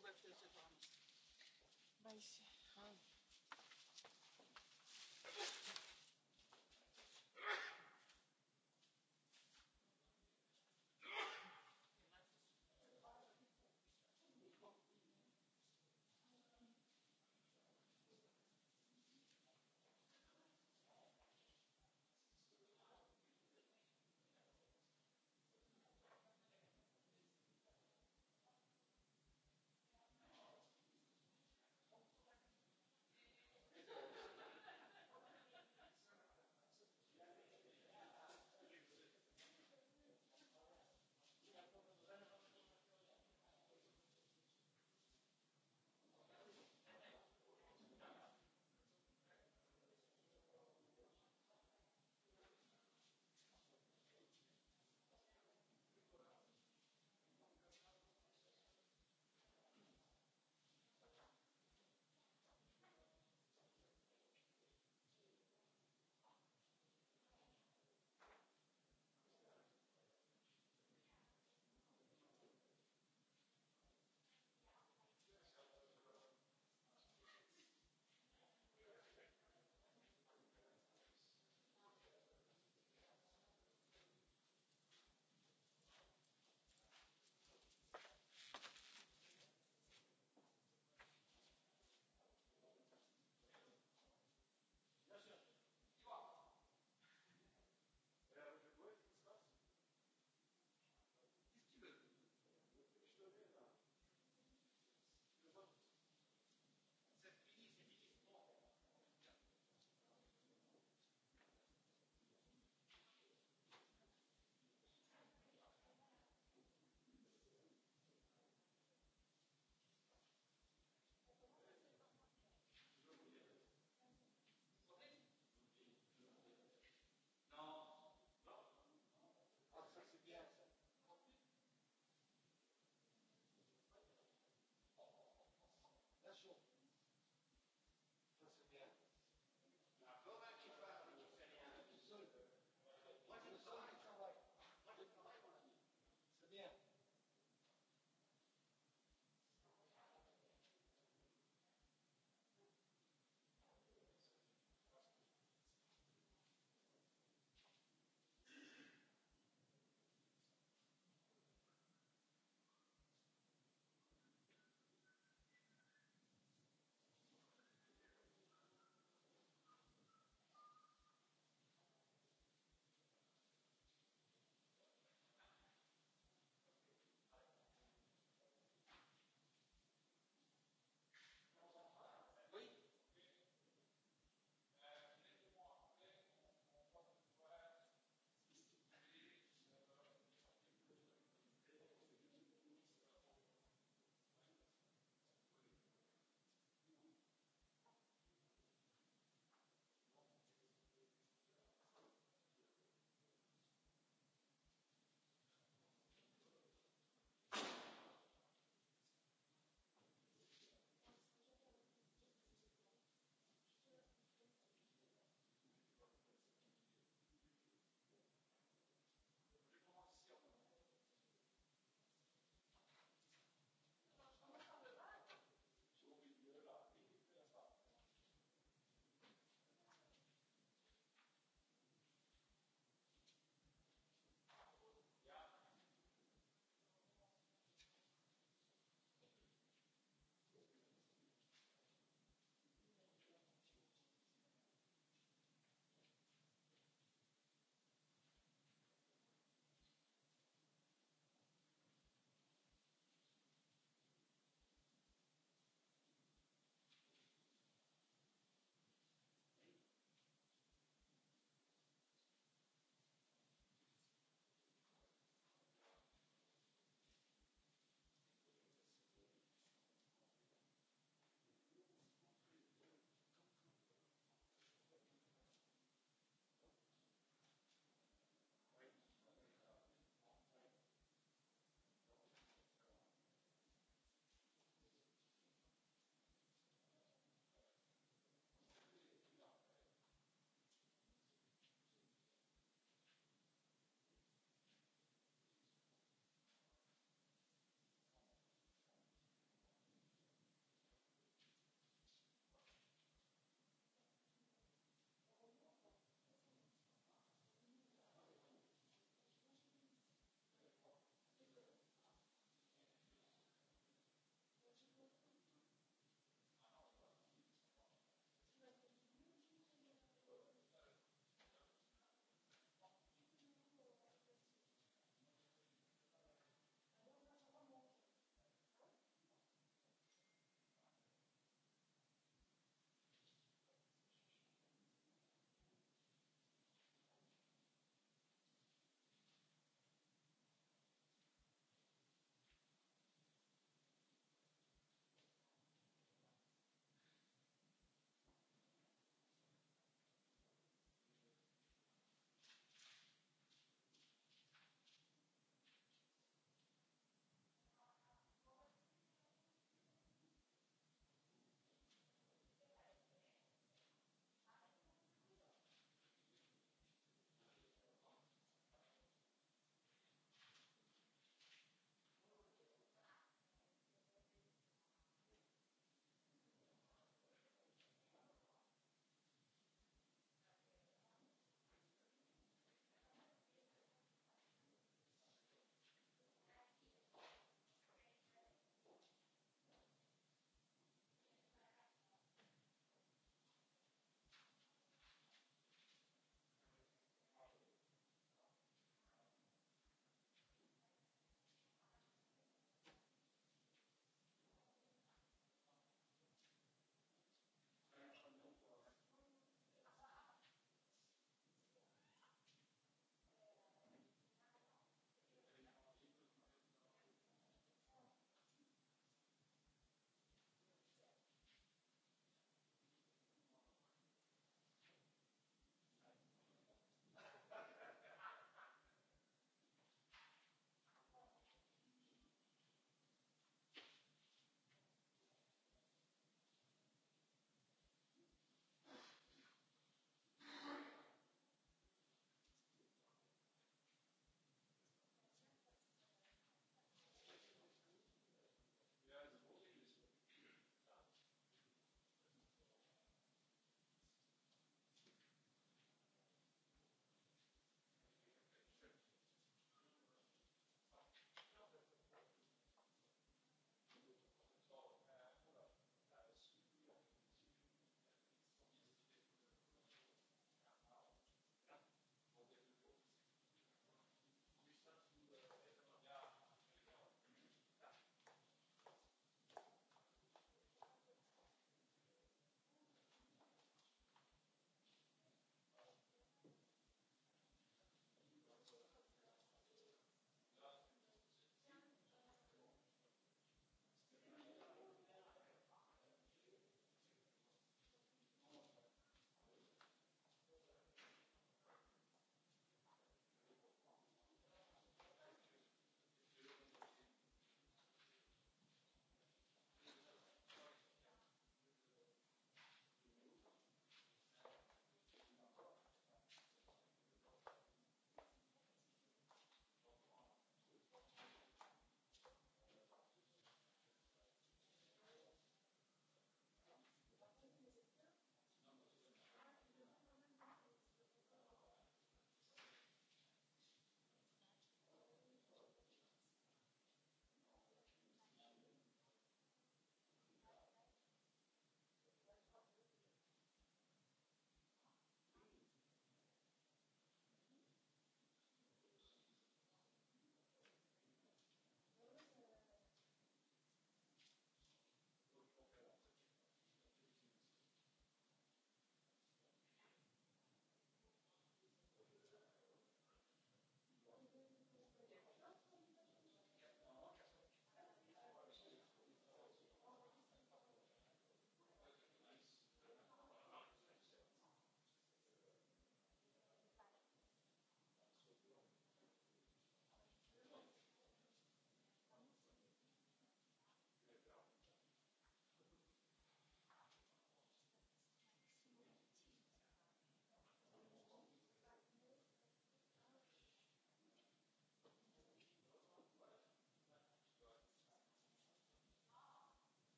кога ще се върнат?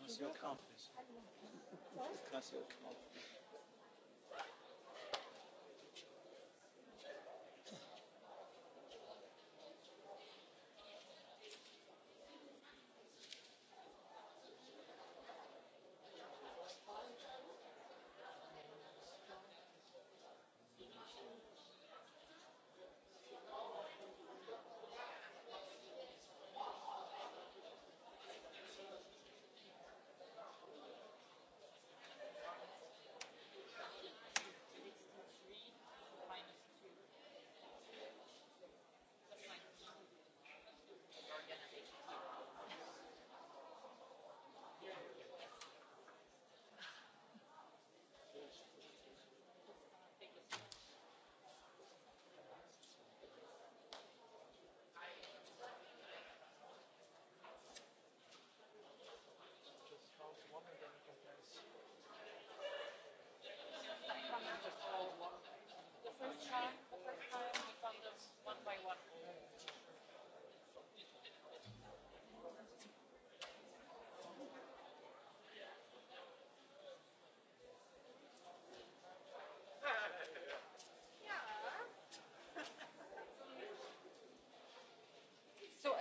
Monsieur Trump. Monsieur Trump.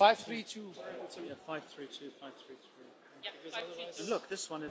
five three two. Yeah, five three two, five three three. Yeah, five, three, two. Look, this one is.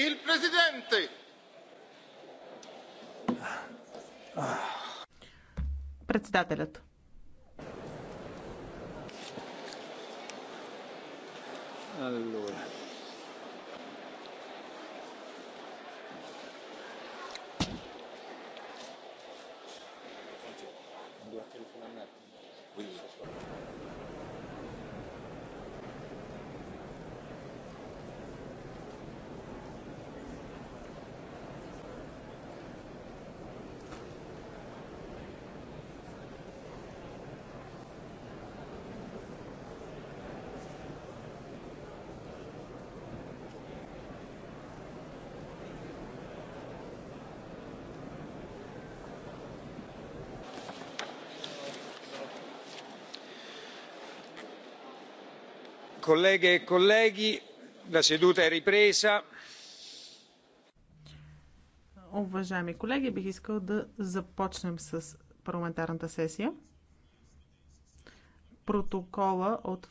Il Presidente. Председателят. colleghe e colleghi la seduta è ripresa. Уважаеми колеги, бих искал да започнем с парламентарната сесия. Протокола от